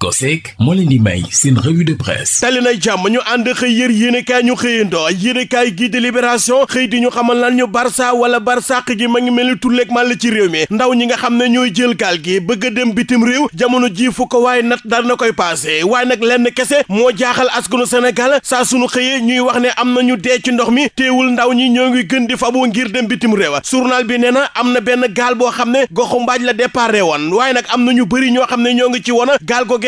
COSEC moo leen di may seen revue de presse tali na jàmm ñu ànd xëy yër yéenekaay ñu xëyandoo yéenekaay gi de Libération xëy di ñu xamal lan ñu Barça wala Barsàq gi ma ngi mel ni tulleeg man la ci réew mi ndaw ñi nga xam ne ñooy jël gaal gi bëgg a dem bitim réew jamono ji fu ko waaye nat dal na koy passé waaye nag lenn kese moo jaaxal askanu Sénégal saa sunu xëyee ñuy wax ne am na ñu dee ci ndox mi teewul ndaw ñi ñoo ngi gën di fabu ngir dem bitim réew journal bi nee na am na benn gaal boo xam ne goxu mbaaj la départ woon waaye nag am na ñu ñoo xam ne ñoo ngi ci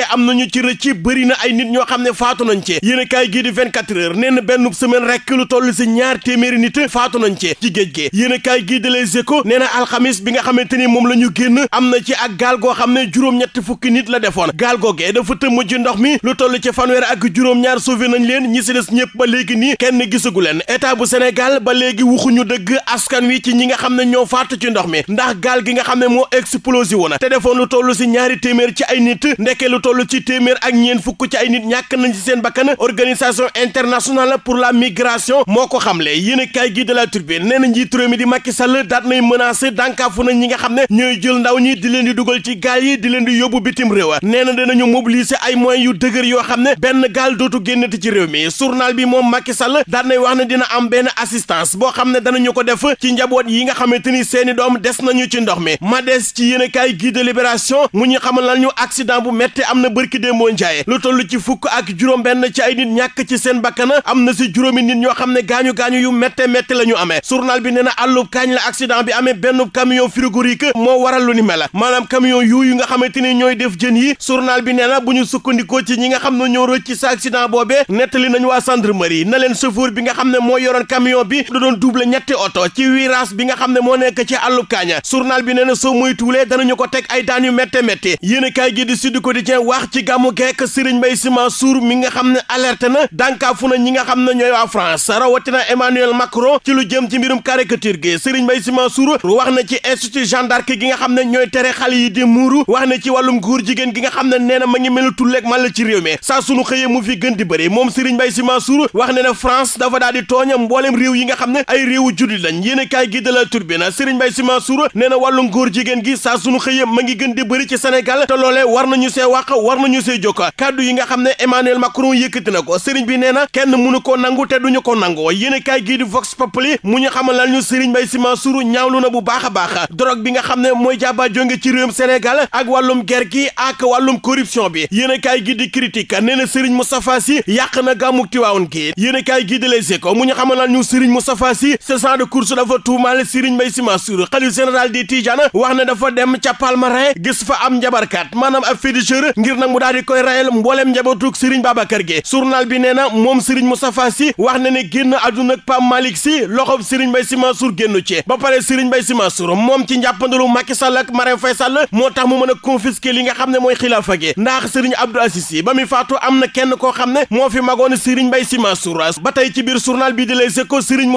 googee am nañu ci rëcc bëri ay nit ñoo xam ne faatu nañ ci yéen a kaay gii di 24 heures nee na benn semaine rek lu toll si ñaar téeméeri nit faatu nañ ci ci géej gi yéen a kaay gii di Les Échos nee na alxamis bi nga xamante ni moom la ñu génn am na ci ak gaal goo xam ne juróom-ñetti fukki nit la defoon gaal googee dafa tëmm ci ndox mi lu toll ci fanweer ak juróom-ñaar sauvé nañ leen ñi si des ñëpp ba léegi nii kenn gisagu leen état bu Sénégal ba léegi waxuñu dëgg askan wi ci ñi nga xam ne ñoo faatu ci ndox mi ndax gaal gi nga xam ne moo explosé woon te defoon lu toll si ñaari téeméer ci ay nit toll ci téeméer ak ñeen fukk ci ay nit ñàkk nañ ba seen bakkan organisation internationale pour la migration moo ko xamle yéen a kaay gi de la Tribune nee na njiitu réew mi di Macky Sall daat nay menacé dànkaafu nañ ñi nga xam ne ñooy jël ndaw ñi di leen di dugal ci gaal yi di leen di yóbbu bitim réew nee na dinañu mobiliser ay moyens yu dëgër yoo xam ne benn gaal dootu génnati ci réew mi journal bi moom Macky Sall daat nay wax na dina am benn assistance boo xam ne danañu ko def ci njaboot yi nga xamante ni seeni doom des nañu ci ndox mi ma ci yéen a kaay gi de ñu xamal lañu accident bu metti am na bërki dee moo njaaye lu toll ci fukk ak juróom benn ci ay nit ñàkk ci seen bakkana am na si juróomi nit ñoo xam ne gaañu-gaañu yu métte métte la ñu amee journal bi nee na àllub kaañ la accident bi amee benn camion frigorique moo waral lu ni mel maanaam camion yooyu nga xamante ni ñooy def jën yi journal bi nee na bu ñu sukkandikoo ci ñi nga xam ne ñoo rëcc sa accident boobe nettali nañu waa gendarmerie na leen chauffeur bi nga xam ne moo yoroon camion bi da doon double ñetti oto ci bi nga xam ne moo nekk ci àllub kaañ journal bi nee na soo moytuwulee danañu ko teg ay daan yu métte métte yéen a kaay gi di wax ci gàmmu geek Serigne Mbaye Sy Mansour mi nga xam ne alerte na dànkaafu na ñi nga xam ne ñooy waa France rawatina Emmanuel Macron ci lu jëm ci mbirum caricature gi Serigne Mbaye Sy Mansour wax na ci institut Jeanne d'Arc gi nga xam ne ñooy tere xal yi di muuru wax na ci wàllum góor jigéen gi nga xam ne nee na ma ngi melu tulleeg man la ci réew mi saa sunu xëyee mu fi gën di bëri moom Serigne Mbaye Sy Mansour wax ne na France dafa daal di mboolem réew yi nga xam ne ay réewu julli lañ yéen a kaay gi de la turbine Serigne Mbaye Sy nee na wàllum góor jigéen gi saa sunu xëyee ma ngi gën di bëri ci Sénégal te war nañu see war ñu see jokk kàddu yi nga xam ne Emmanuel Macron yëkkati na ko sëriñ bi nee na kenn mënu ko nangu te duñu ko nangu yéen kaay gii di Vox Populi mu ñu xamal lan ñu sëriñ Mbaye Sy Mansour lu na bu baax a baax drogue bi nga xam ne mooy jàbba jonge ci réewum Sénégal ak wàllum ger gi ak wàllum corruption bi yéen kaay gii di critique nee na sëriñ Moustapha Sy yàq na gàmmu Tiwaawoon gi yéen kaay gii di Les Échos mu ñu xamal lan ñu sëriñ Moustapha Sy ce genre de course dafa tuumaale sëriñ Mbaye Sy Mansour xalif général di Tijaan dem ca Palmarin gis fa am njabarkat maanaam ab féticheur ngir nag mu daal di koy rayal mbooleem njabootug Serigne Babacar gi journal ne génn àdduna ak Pape Malick Sy loxob ci ba pare Serigne Mbaye Sy Mansour moom ci njàppandalu Macky Sall ak Marème Faye Sall moo tax a confisquer li nga xam ne mooy xilaafa gi ndax Serigne Abdou Aziz Sy xam ne moo fi magoon Serigne biir journal bi di Les Échos Serigne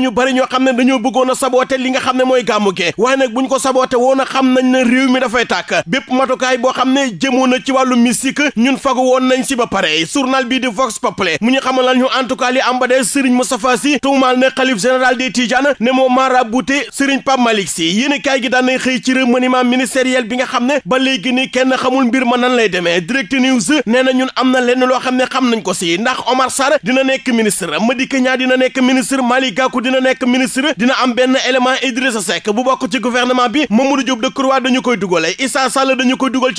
ñu bari xam ne dañoo bëggoon a saboote li nga xam ne mooy gàmmu gi waaye nag buñ saboote woon xam nañ ne réew mi dafay ne jëmoon na ci wàllu mystique ñun fagu woon nañ si ba pare journal bii di Vox Populi mu ñu xamal ñu en tout cas li am ba de Serigne Moustapha Sy tuumaal ne xalif général des Tidianes ne moo marabouté Serigne Pape Malick Sy yéen kaay gi daan nañ xëy ci remaniement ministériel bi nga xam ne ba léegi ni kenn xamul mbir ma nan lay demee Direct News nee na ñun am na lenn loo xam ne xam nañ ko si ndax Omar Sarr dina nekk ministre Madické Niang dina nekk ministre Malick Gakou nekk ministre dina am benn élément Idrissa Seck bokk ci gouvernement bi Mamadou Diop Decroix dañu koy dugale Issa Sall dañu koy dugal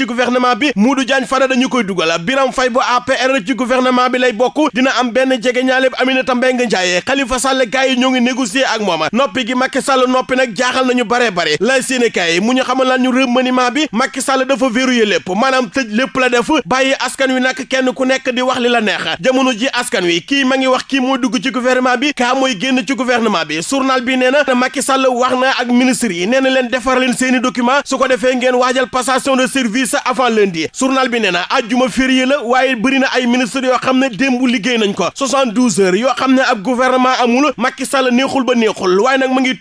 gouvernement bi Modou fa Fada ñu koy dugal Biram Fay bu APR ci gouvernement bi lay bokk dina am benn jege ñaale bi Aminata Mbengue Ndiaye Khalifa Sall gars yi ñoo ngi négocier ak moom noppi gi Macky Sall noppi nag jaaxal nañu bare bare lay seen kaay mu ñu xamal lan ñu remaniement bi Macky Sall dafa verrouillé lépp maanaam tëj lépp la def bàyyi askan wi nag kenn ku nekk di wax li la neex jamono ji askan wi kii ma ngi wax kii moo dugg ci gouvernement bi kaa mooy ci gouvernement bi journal bi nee na Macky Sall wax na ak ministre yi nee na leen defar leen seeni document su ko defee ngeen waajal passation de service avant lundi journal bi nee na ajjuma férié la waaye bëri na ay ministre yoo xam ne démb liggéey nañ ko 72 heures yoo xam ne ab gouvernement amul Macky Sall ba neexul waaye nag mu ngi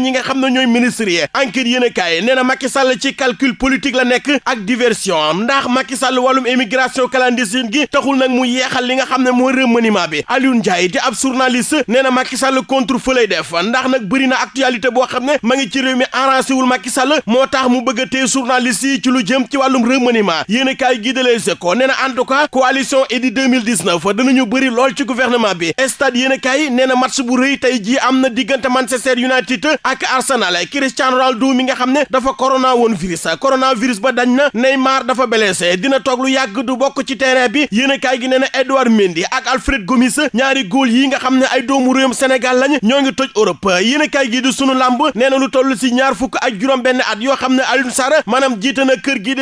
ñi nga xam ne ñooy ministres yi enquête yéen a kaay nee na ci calcul politique la nekk ak diversion ndax Macky Sall wàllum émigration gi taxul nag mu yeexal li nga xam ne mooy remaniement bi Alioune Ndiaye di ab journaliste nee na Macky Sall def ndax a monument yéen a kaay gii de Les Échos nee na en tout cas coalition bëri lool ci gouvernement bi stade yéen a kaay nee na match bu rëy tey jii am na diggante Manchester United ak Arsenal Cristiano Ronaldo mi nga xam ne dafa corona woon virus corona virus ba dañ na Neymar dafa blessé dina toog lu yàgg du bokk ci terrain bi yéen a kaay gi nee na Edouard Mendy ak Alfred Gomis ñaari góol yi nga xam ne ay doomu réewum Sénégal lañ ñoo ngi toj Europe yéen a kaay gi di sunu làmb nee na lu toll si ñaar fukk ak juróom benn at yoo xam ne Alioune Sarr maanaam jiite na kër gi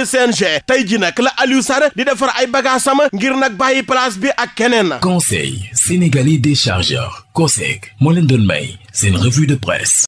loolee tey ji nag la Aliou Sarr di defar ay bagages sama ngir nag bàyyi place bi ak keneen. Conseil sénégalais des chargeurs COSEC moo leen doon may seen revue de presse.